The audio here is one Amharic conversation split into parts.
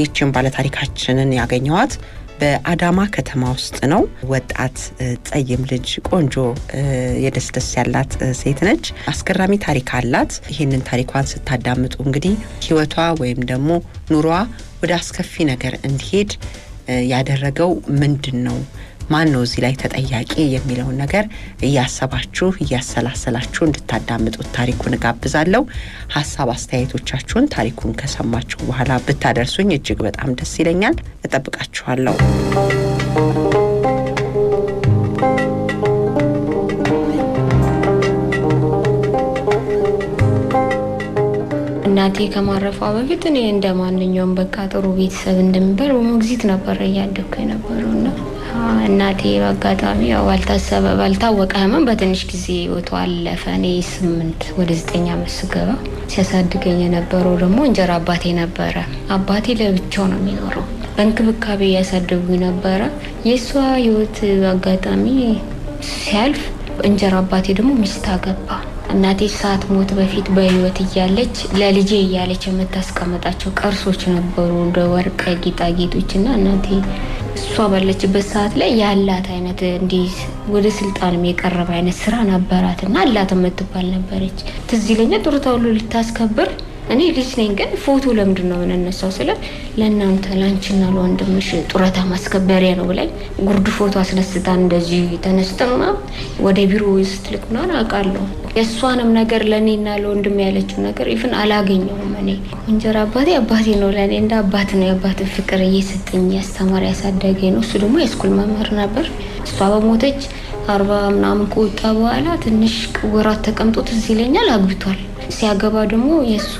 ይህችን ባለታሪካችንን ያገኘዋት በአዳማ ከተማ ውስጥ ነው። ወጣት ጸይም ልጅ ቆንጆ የደስደስ ያላት ሴት ነች። አስገራሚ ታሪክ አላት። ይህንን ታሪኳን ስታዳምጡ እንግዲህ ህይወቷ ወይም ደግሞ ኑሯ ወደ አስከፊ ነገር እንዲሄድ ያደረገው ምንድን ነው? ማን ነው እዚህ ላይ ተጠያቂ የሚለውን ነገር እያሰባችሁ እያሰላሰላችሁ እንድታዳምጡት ታሪኩን እጋብዛለሁ። ሀሳብ አስተያየቶቻችሁን ታሪኩን ከሰማችሁ በኋላ ብታደርሱኝ እጅግ በጣም ደስ ይለኛል። እጠብቃችኋለሁ። እናቴ ከማረፏ በፊት እኔ እንደ ማንኛውም በቃ ጥሩ ቤተሰብ እንደሚባል በሞግዚት ነበር እያደግኩ የነበረው እና እናቴ በአጋጣሚ ባልታሰበ ባልታወቀ ህመም በትንሽ ጊዜ ህይወቷ አለፈ። እኔ ስምንት ወደ ዘጠኝ አመት ስገባ ሲያሳድገኝ የነበረው ደግሞ እንጀራ አባቴ ነበረ። አባቴ ለብቻው ነው የሚኖረው። በእንክብካቤ እያሳደጉ ነበረ። የእሷ ህይወት አጋጣሚ ሲያልፍ እንጀራ አባቴ ደግሞ ሚስት አገባ። እናቴ ሞት በፊት በህይወት እያለች ለልጄ እያለች የምታስቀምጣቸው ቅርሶች ነበሩ፣ እንደ ወርቅ ጌጣጌጦች እና እናቴ እሷ ባለችበት ሰዓት ላይ ያላት አይነት እንዲህ ወደ ስልጣንም የቀረበ አይነት ስራ ነበራት እና አላት የምትባል ነበረች። ትዝ ይለኛል ጡረታ ሁሉ ልታስከብር እኔ ልጅ ነኝ፣ ግን ፎቶ ለምንድን ነው የምንነሳው? ስለ ለእናንተ ለአንቺና ለወንድምሽ ጡረታ ማስከበሪያ ነው ብላኝ ጉርድ ፎቶ አስነስታ እንደዚህ ተነስተማ ወደ ቢሮ ስትልክ ምናምን አውቃለሁ። የእሷንም ነገር ለእኔና ለወንድም ያለችው ነገር ይፍን አላገኘውም። እኔ እንጀራ አባቴ አባቴ ነው ለእኔ እንደ አባት ነው። የአባትን ፍቅር እየሰጠኝ ያስተማሪ ያሳደገ ነው። እሱ ደግሞ የስኩል መምህር ነበር። እሷ በሞተች አርባ ምናምን ከወጣ በኋላ ትንሽ ወራት ተቀምጦ ትዝ ይለኛል አግብቷል። ሲያገባ ደግሞ የእሱ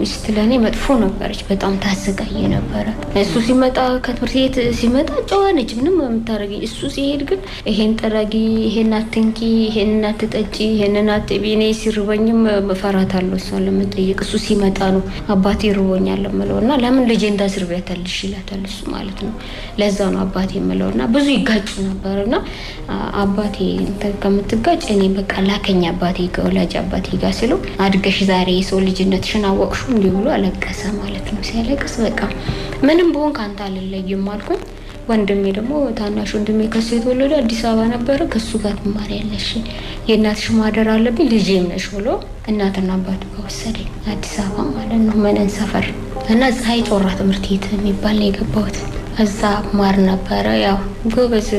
ሚስት ለእኔ መጥፎ ነበረች። በጣም ታሰቃየ ነበረ። እሱ ሲመጣ ከትምህርት ቤት ሲመጣ ጨዋ ነች፣ ምንም የምታደርግ እሱ ሲሄድ ግን ይሄን ጠረጊ፣ ይሄን አትንኪ፣ ይሄን አትጠጪ፣ ይሄንን አትቢ። እኔ ሲርበኝም መፈራት እፈራታለሁ እሷን ለመጠየቅ። እሱ ሲመጣ ነው አባቴ ይርቦኛል የምለው እና ለምን ልጄ እንዳስርቢያታለሽ ይላታል እሱ ማለት ነው። ለዛ ነው አባቴ የምለው እና ብዙ ይጋጩ ነበር እና አባቴ ከምትጋጭ እኔ በቃ ላከኝ አባቴ ከወላጅ አባቴ ጋር ስለው አድገ አለሽ ዛሬ የሰው ልጅነትሽን አወቅሹ እንዲህ ብሎ አለቀሰ ማለት ነው። ሲያለቅስ በቃ ምንም ብሆን ከአንተ አልለይም አልኩኝ። ወንድሜ ደግሞ ታናሽ ወንድሜ ከሱ የተወለደ አዲስ አበባ ነበረ። ከሱ ጋር ትማሪያለሽ፣ የእናትሽ ማደር አለብኝ፣ ልጄም ነሽ ብሎ እናትና አባቱ ጋር ወሰደኝ። አዲስ አበባ ማለት ነው መነን ሰፈር እና ፀሐይ ጮራ ትምህርት ቤት የሚባል ነው የገባሁት። እዛ ማር ነበረ። ያው ጎበዝ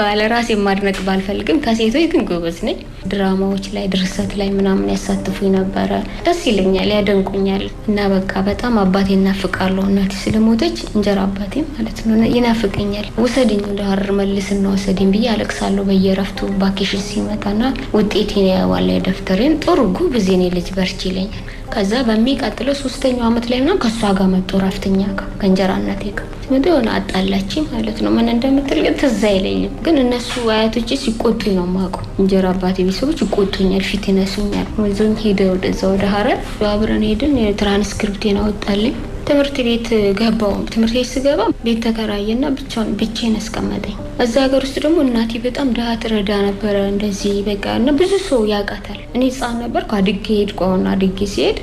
ባለ ራሴ ማድነቅ ባልፈልግም ከሴቶች ግን ጎበዝ ነኝ። ድራማዎች ላይ ድርሰት ላይ ምናምን ያሳትፉኝ ነበረ። ደስ ይለኛል፣ ያደንቁኛል። እና በቃ በጣም አባቴ እናፍቃለሁ። እናቴ ስለሞተች እንጀራ አባቴ ማለት ነው ይናፍቀኛል። ውሰድኝ ወደ ሀረር መልስና ውሰድኝ ብዬ አለቅሳለሁ በየረፍቱ ቫኬሽን ሲመጣና ውጤቴን ያዋለ ደፍተሬን ጥሩ ጉብዜ እኔ ልጅ በርቺ ይለኛል። ከዛ በሚቀጥለው ሶስተኛው አመት ላይ ምናምን ከእሷ ጋር መጡ ረፍተኛ ከእንጀራ እናቴ ጋር መቶ የሆነ አጣላች ማለት ነው። ምን እንደምትል ግን ትዝ አይለኝም። ግን እነሱ አያቶች ሲቆጡ ነው የማውቀው እንጀራ አባቴ ሰዎች ይቆጡኛል፣ ፊት ይነሱኛል። ይዞኝ ሄደ ወደዛ ወደ ሀረር አብረን ሄድን። ትራንስክሪፕቴን አወጣልኝ። ትምህርት ቤት ገባው። ትምህርት ቤት ስገባ ቤት ተከራየና ብቻውን ብቻዬን አስቀመጠኝ። እዛ ሀገር ውስጥ ደግሞ እናቴ በጣም ድሀ ትረዳ ነበረ። እንደዚህ በቃ እና ብዙ ሰው ያውቃታል። እኔ ህፃን ነበርኩ። አድጌ ሄድኩ። አሁን አድጌ ሲሄድ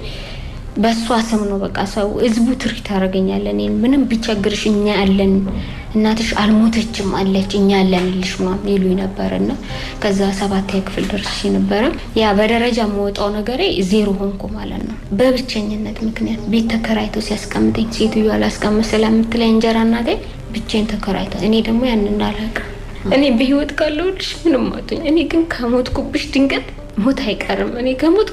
በእሷ ስም ነው በቃ ሰው ህዝቡ ትሪት ታደርገኛለን። ምንም ቢቸግርሽ እኛ ያለን እናትሽ አልሞተችም አለች፣ እኛ አለንልሽ ምናምን ይሉኝ ነበር እና ከዛ ሰባት ክፍል ደርሼ ነበረ። ያ በደረጃ የምወጣው ነገሬ ዜሮ ሆንኩ ማለት ነው። በብቸኝነት ምክንያት ቤት ተከራይቶ ሲያስቀምጠኝ ሴትዮ አላስቀምጥ ስለምትለኝ እንጀራ እናቴ ብቻዬን ተከራይቶ እኔ ደግሞ ያን እንዳላቅ እኔ በህይወት ካለሁልሽ ምንም አትሆኝ፣ እኔ ግን ከሞትኩብሽ ድንገት ሞት አይቀርም። እኔ ከሞት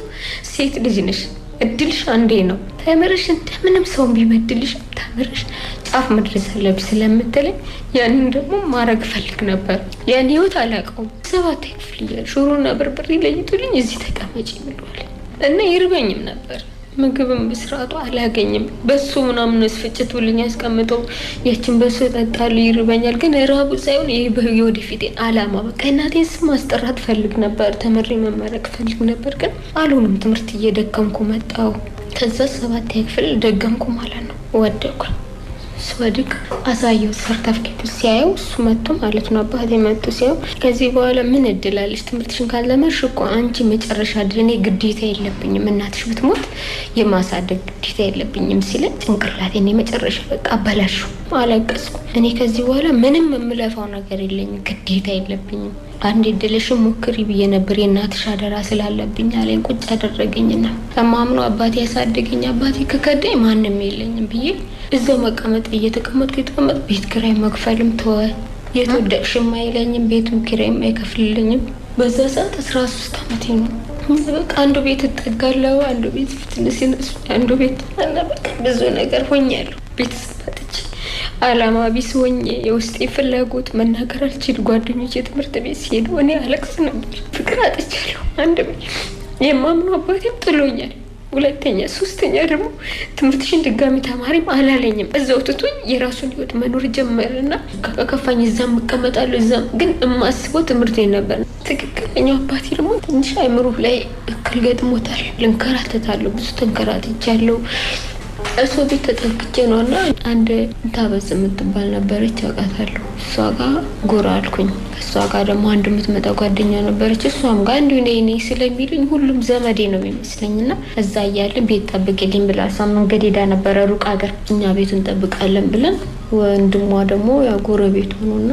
ሴት ልጅ ነሽ፣ እድልሽ አንዴ ነው። ተምርሽ እንደምንም ሰው ቢበድልሽ ተምርሽ ጫፍ መድረስ አለብኝ ስለምትለኝ ያንን ደግሞ ማድረግ ፈልግ ነበር። ያን ህይወት አላውቀውም። ሰባት ክፍል እያል ሽሮና በርበሬ ለይቶልኝ እዚህ ተቀመጭ ይምለዋል እና ይርበኝም ነበር ምግብም በስርዓቱ አላገኝም። በሱ ምናምን ስፍጭት ብልኝ ያስቀምጠው ያችን በሱ ጠጣሉ ይርበኛል። ግን ረሃቡ ሳይሆን ይህ የወደፊቴን አላማ በቃ እናቴን ስም ማስጠራት ፈልግ ነበር። ተምሬ መመረቅ ፈልግ ነበር። ግን አልሆኑም። ትምህርት እየደገምኩ መጣው። ከዛ ሰባት ክፍል ደገምኩ ማለት ነው። ወደኩ ስወድቅ አሳየው ሰርተፍኬቱ ሲያየው እሱ መጥቶ ማለት ነው አባቴ መጥቶ ሲያየው ከዚህ በኋላ ምን እድላለች ትምህርትሽን ካለመድሽ እኮ አንቺ መጨረሻ ድረኔ ግዴታ የለብኝም እናትሽ ብትሞት የማሳደግ ግዴታ የለብኝም ሲለ ጭንቅላቴን የመጨረሻ በቃ አበላሽው አለቀስኩ። እኔ ከዚህ በኋላ ምንም የምለፋው ነገር የለኝም፣ ግዴታ የለብኝም። አንድ ድልሽን ሞክሪ ብዬ ነበር የእናትሽ አደራ ስላለብኝ አለኝ። ቁጭ ያደረገኝና ከማምኖ አባቴ ያሳደገኝ አባቴ ከከዳኝ ማንም የለኝም ብዬ እዛው መቀመጥ እየተቀመጥኩ የተቀመጥ ቤት ኪራይ መክፈልም ተወ። የተወደቅሽም አይለኝም፣ ቤቱ ኪራይም አይከፍልልኝም። በዛ ሰዓት አስራ ሶስት አመቴ ነው። በቃ አንዱ ቤት እጠጋለሁ፣ አንዱ ቤት ፊትነስ፣ አንዱ ቤት በቃ ብዙ ነገር ሆኛለሁ ቤተሰብ አላማ ቢስ ሆኜ የውስጤ ፍላጎት መናገር አልችል። ጓደኞች የትምህርት ቤት ሲሄዱ እኔ አለቅስ ነበር። ፍቅር አጥቻለሁ። አንድ የማምኑ አባቴም ጥሎኛል። ሁለተኛ፣ ሶስተኛ ደግሞ ትምህርትሽን ድጋሚ ተማሪም አላለኝም። እዛው ትቶኝ የራሱን ህይወት መኖር ጀመረና ከከፋኝ እዛም እቀመጣለሁ። እዛም ግን የማስበው ትምህርት ነበር። ትክክለኛው አባቴ ደግሞ ትንሽ አይምሮ ላይ እክል ገጥሞታል። ልንከራተታለሁ። ብዙ ተንከራትቻለሁ። እሱ ቤት ተጠግቼ ነው እና አንድ ታበዝ የምትባል ነበረች አውቃታለሁ። እሷ ጋር ጎራ አልኩኝ። እሷ ጋር ደግሞ አንድ የምትመጣ ጓደኛ ነበረች። እሷም ጋር እንዲሁ ነይ ነይ ስለሚሉኝ ሁሉም ዘመዴ ነው የሚመስለኝ እና እዛ እያለን ቤት ጠብቅልኝ ብላ እሷ መንገድ ሄዳ ነበረ ሩቅ ሀገር፣ እኛ ቤቱን እንጠብቃለን ብለን ወንድሟ ደግሞ ያው ጎረቤት ሆኖና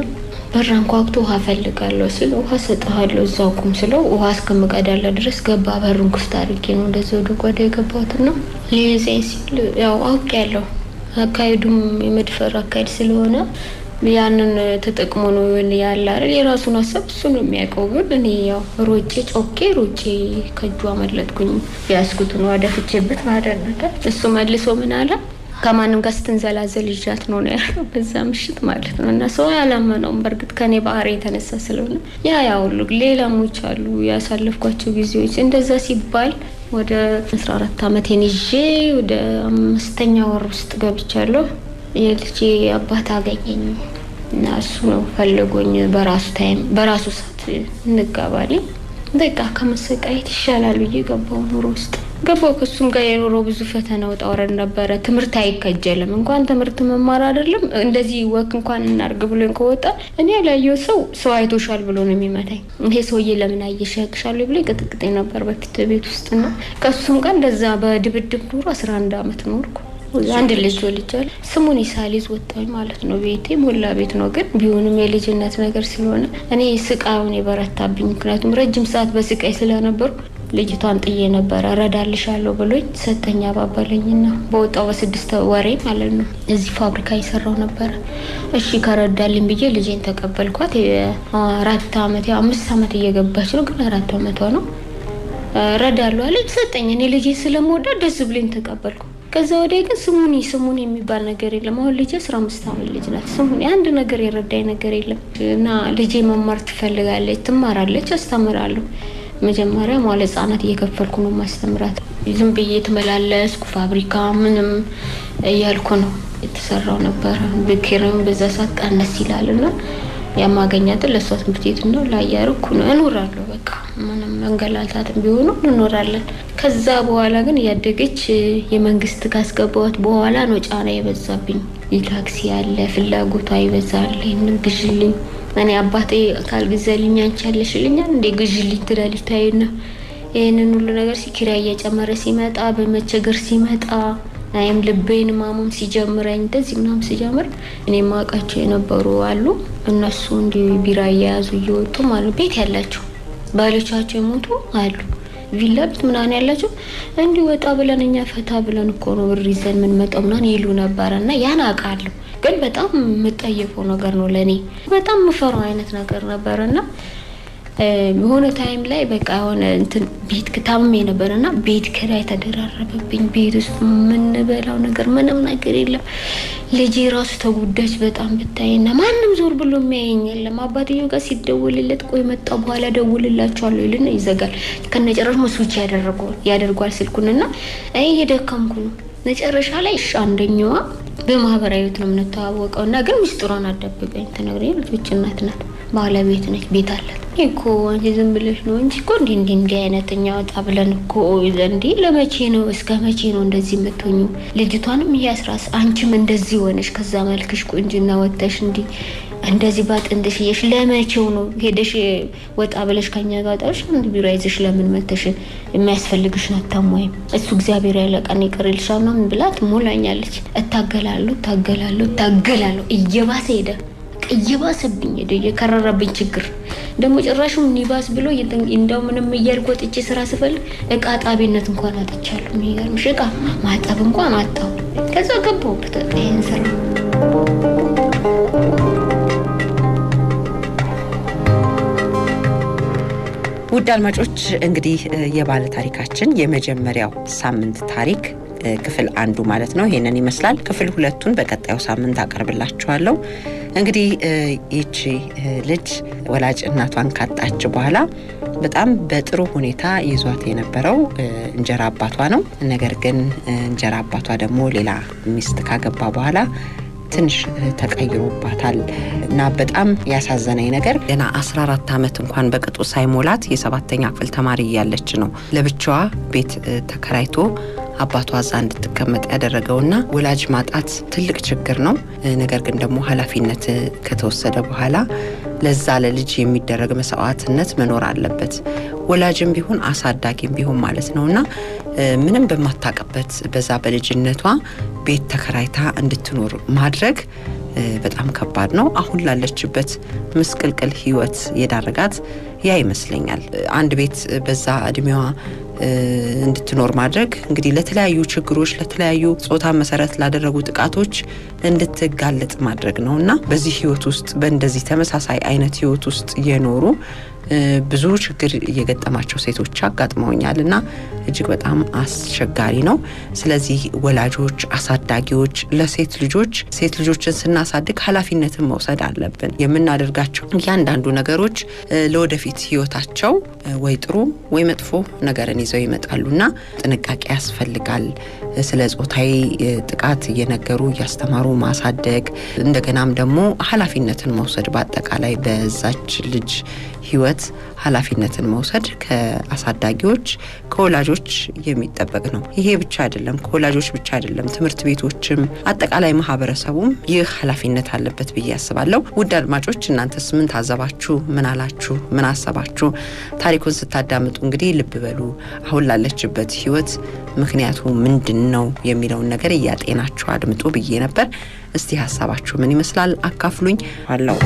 በር አንኳኩቶ ውሃ ፈልጋለሁ ስል ውሃ ሰጠሃለሁ እዛው ቁም ስለው ውሃ እስከምቀዳለ ድረስ ገባ። በሩን ክፍት አድርጌ ነው እንደዚ ወደ ጓዳ የገባሁት ነው። ሊይዘኝ ሲል ያው አውቅ ያለው አካሄዱም የመድፈር አካሄድ ስለሆነ ያንን ተጠቅሞ ነው ያለ አይደል የራሱን ሀሳብ እሱ ነው የሚያውቀው። ግን እኔ ያው ሮጬ ጮኬ ሮጬ ከእጁ አመለጥኩኝ። ያስኩትን ዋደፍቼበት ማለት ነገር እሱ መልሶ ምን አለ ከማንም ጋር ስትንዘላዘል ይዣት ነው ነው ያለው በዛ ምሽት ማለት ነው። እና ሰው ያላመነውም በእርግጥ ከኔ ባህሪ የተነሳ ስለሆነ ያ ያ ሁሉ ሌላሞች አሉ ያሳለፍኳቸው ጊዜዎች እንደዛ ሲባል ወደ 14 ዓመቴን ይዤ ወደ አምስተኛ ወር ውስጥ ገብቻለሁ። የልጄ አባት አገኘኝ እና እሱ ነው ፈልጎኝ በራሱ ታይም በራሱ ሰዓት እንጋባልኝ በቃ ከመሰቃየት ይሻላል ብዬ ገባው ኑሮ ውስጥ ገባው። ከሱም ጋር የኖረው ብዙ ፈተና ውጣ ውረድ ነበረ። ትምህርት አይከጀልም። እንኳን ትምህርት መማር አይደለም እንደዚህ ወክ እንኳን እናርግ ብሎኝ ከወጣ እኔ ያላየው ሰው ሰው አይቶሻል ብሎ ነው የሚመታኝ። ይሄ ሰውዬ ለምን አየሸቅሻሉ ብሎ ቅጥቅጤ ነበር በፊት ቤት ውስጥ ና ከሱም ጋር እንደዛ በድብድብ ኑሮ አስራ አንድ አመት ኖርኩ። አንድ ልጅ ወልጃል። ስሙን ሳልይዝ ወጣኝ ማለት ነው። ቤቴ ሞላ ቤት ነው፣ ግን ቢሆንም የልጅነት ነገር ስለሆነ እኔ ስቃዩን የበረታብኝ። ምክንያቱም ረጅም ሰዓት በስቃይ ስለነበርኩ ልጅቷን ጥዬ ነበረ እረዳልሻለሁ ብሎኝ ሰጠኝ። አባባለኝና በወጣው በስድስት ወሬ ማለት ነው እዚህ ፋብሪካ ይሰራው ነበረ። እሺ ከረዳልኝ ብዬ ልጄን ተቀበልኳት። አራት ዓመት አምስት ዓመት እየገባች ነው፣ ግን አራት ዓመቷ ነው። እረዳለሁ አለች ሰጠኝ። እኔ ልጄ ስለምወዳት ደስ ብሎኝ ተቀበልኩ። ከዛ ወዲያ ግን ስሙኒ ስሙኒ የሚባል ነገር የለም። አሁን ልጄ አስራ አምስት ዓመት ልጅ ናት። ስሙኒ አንድ ነገር የረዳኝ ነገር የለም እና ልጄ መማር ትፈልጋለች፣ ትማራለች፣ አስተምራለሁ መጀመሪያ መዋለ ህጻናት እየከፈልኩ ነው ማስተምራት። ዝም ብዬ የተመላለስኩ ፋብሪካ ምንም እያልኩ ነው የተሰራው ነበረ። ብክርም በዛ ሰዓት ቀነስ ይላል እና የማገኛትን ለእሷ ትምህርት ቤት ነው ላያርኩ ነው እኖራለሁ። በቃ ምንም መንገላታት ቢሆኑ እንኖራለን። ከዛ በኋላ ግን እያደገች የመንግስት ካስገባዋት በኋላ ነው ጫና የበዛብኝ። ሪላክስ ያለ ፍላጎቷ ይበዛል። ይህንም ግዥልኝ እኔ አባቴ ካልገዛልኝ አንቺ ያለሽልኛል እንዴ ግዢልኝ ትላለች። ታይና ይህንን ሁሉ ነገር ሲኪራይ እየጨመረ ሲመጣ በመቸገር ሲመጣ እኔም ልቤን ማሙም ሲጀምረኝ እንደዚህ ምናምን ሲጀምር እኔ ማውቃቸው የነበሩ አሉ። እነሱ እንዲሁ ቢራ እየያዙ እየወጡ ማለት ቤት ያላቸው ባሎቻቸው የሞቱ አሉ። ቪላ ቤት ምናምን ያላቸው እንዲሁ ወጣ ብለን እኛ ፈታ ብለን እኮ ነው ብር ይዘን የምንመጣው ምናምን ይሉ ነበረ እና ያን አውቃለሁ። ግን በጣም የምጠየፈው ነገር ነው ለእኔ በጣም የምፈራው አይነት ነገር ነበር እና የሆነ ታይም ላይ በቃ የሆነ እንትን ቤት ክታምሜ ነበር እና ቤት ኪራይ ተደራረበብኝ። ቤት ውስጥ የምንበላው ነገር ምንም ነገር የለም። ልጅ ራሱ ተጎዳች በጣም ብታይና ማንም ዞር ብሎ የሚያየኝ የለም። አባትዮ ጋር ሲደወልለት ቆይ መጣ በኋላ ደውልላቸዋለሁ ይልና ይዘጋል። ከነጨረሽ መስዊች ያደርገዋል ስልኩን እና ይሄ ነው መጨረሻ ላይ እሺ አንደኛዋ በማህበራዊ ህይወት ነው የምንተዋወቀው እና ግን ምስጢሯን አዳብቀኝ ትነግረኝ። ልጆች እናት ናት፣ ባለቤት ነች፣ ቤት አላት። እኮ አንቺ ዝም ብለሽ ነው እንጂ እኮ እንዲ እንዲ እንዲ አይነት እኛ ወጣ ብለን እኮ ዘንዲ ለመቼ ነው እስከ መቼ ነው እንደዚህ የምትሆኙ? ልጅቷንም እያስራስ አንቺም እንደዚህ ሆነሽ ከዛ መልክሽ ቁንጅና ወጥተሽ እንዲ እንደዚህ ባጥንትሽ እየሽ ለመቼው ነው ሄደሽ ወጣ ብለሽ ከኛ ጋር ጣሽ አንድ ቢሮ ይዘሽ ለምን መተሽ የሚያስፈልግሽ የሚያስፈልግሽን አታሟይም? እሱ እግዚአብሔር ያለቀን ይቅርልሻል ምናምን ብላ ትሞላኛለች። እታገላለሁ እታገላለሁ እታገላለሁ እየባሰ ሄደ፣ እየባሰብኝ ሄደ፣ እየከረረብኝ ችግር ደግሞ ጭራሹም ኒባስ ብሎ እንደው ምንም እያልኩ ወጥቼ ስራ ስፈልግ እቃ ጣቢነት እንኳን አጥቻለሁ። የሚገርምሽ እቃ ማጠብ እንኳን አጣሁ። ከዛ ገባሁበት ይህን ስራ ውድ አድማጮች እንግዲህ የባለ ታሪካችን የመጀመሪያው ሳምንት ታሪክ ክፍል አንዱ ማለት ነው ይህንን ይመስላል። ክፍል ሁለቱን በቀጣዩ ሳምንት አቀርብላችኋለሁ። እንግዲህ ይቺ ልጅ ወላጅ እናቷን ካጣች በኋላ በጣም በጥሩ ሁኔታ ይዟት የነበረው እንጀራ አባቷ ነው። ነገር ግን እንጀራ አባቷ ደግሞ ሌላ ሚስት ካገባ በኋላ ትንሽ ተቀይሮባታል እና በጣም ያሳዘነኝ ነገር ገና 14 ዓመት እንኳን በቅጡ ሳይሞላት የሰባተኛ ክፍል ተማሪ እያለች ነው ለብቻዋ ቤት ተከራይቶ አባቷ እዛ እንድትቀመጥ ያደረገውና ወላጅ ማጣት ትልቅ ችግር ነው። ነገር ግን ደግሞ ኃላፊነት ከተወሰደ በኋላ ለዛ ለልጅ የሚደረግ መስዋዕትነት መኖር አለበት። ወላጅም ቢሆን አሳዳጊም ቢሆን ማለት ነው እና ምንም በማታቅበት በዛ በልጅነቷ ቤት ተከራይታ እንድትኖር ማድረግ በጣም ከባድ ነው። አሁን ላለችበት ምስቅልቅል ህይወት የዳረጋት ያ ይመስለኛል። አንድ ቤት በዛ እድሜዋ እንድትኖር ማድረግ እንግዲህ ለተለያዩ ችግሮች፣ ለተለያዩ ጾታ መሰረት ላደረጉ ጥቃቶች እንድትጋለጥ ማድረግ ነው እና በዚህ ህይወት ውስጥ በእንደዚህ ተመሳሳይ አይነት ህይወት ውስጥ የኖሩ ብዙ ችግር እየገጠማቸው ሴቶች አጋጥመውኛል እና እጅግ በጣም አስቸጋሪ ነው። ስለዚህ ወላጆች፣ አሳዳጊዎች ለሴት ልጆች ሴት ልጆችን ስናሳድግ ሀላፊነትን መውሰድ አለብን። የምናደርጋቸው እያንዳንዱ ነገሮች ለወደፊት ህይወታቸው ወይ ጥሩ ወይ መጥፎ ነገርን ይዘው ና ጥንቃቄ ያስፈልጋል። ስለ ጾታዊ ጥቃት እየነገሩ እያስተማሩ ማሳደግ እንደገናም ደግሞ ኃላፊነትን መውሰድ በአጠቃላይ በዛች ልጅ ህይወት ኃላፊነትን መውሰድ ከአሳዳጊዎች ከወላጆች የሚጠበቅ ነው። ይሄ ብቻ አይደለም፣ ከወላጆች ብቻ አይደለም፣ ትምህርት ቤቶችም አጠቃላይ ማህበረሰቡም ይህ ኃላፊነት አለበት ብዬ አስባለሁ። ውድ አድማጮች እናንተስ ምን ታዘባችሁ? ምን አላችሁ? ምን አሰባችሁ? ታሪኩን ስታዳምጡ እንግዲህ ልብ በሉ አሁን ላለችበት ህይወት ምክንያቱ ምንድን ነው የሚለውን ነገር እያጤናችሁ አድምጡ ብዬ ነበር። እስቲ ሀሳባችሁ ምን ይመስላል? አካፍሉኝ አለው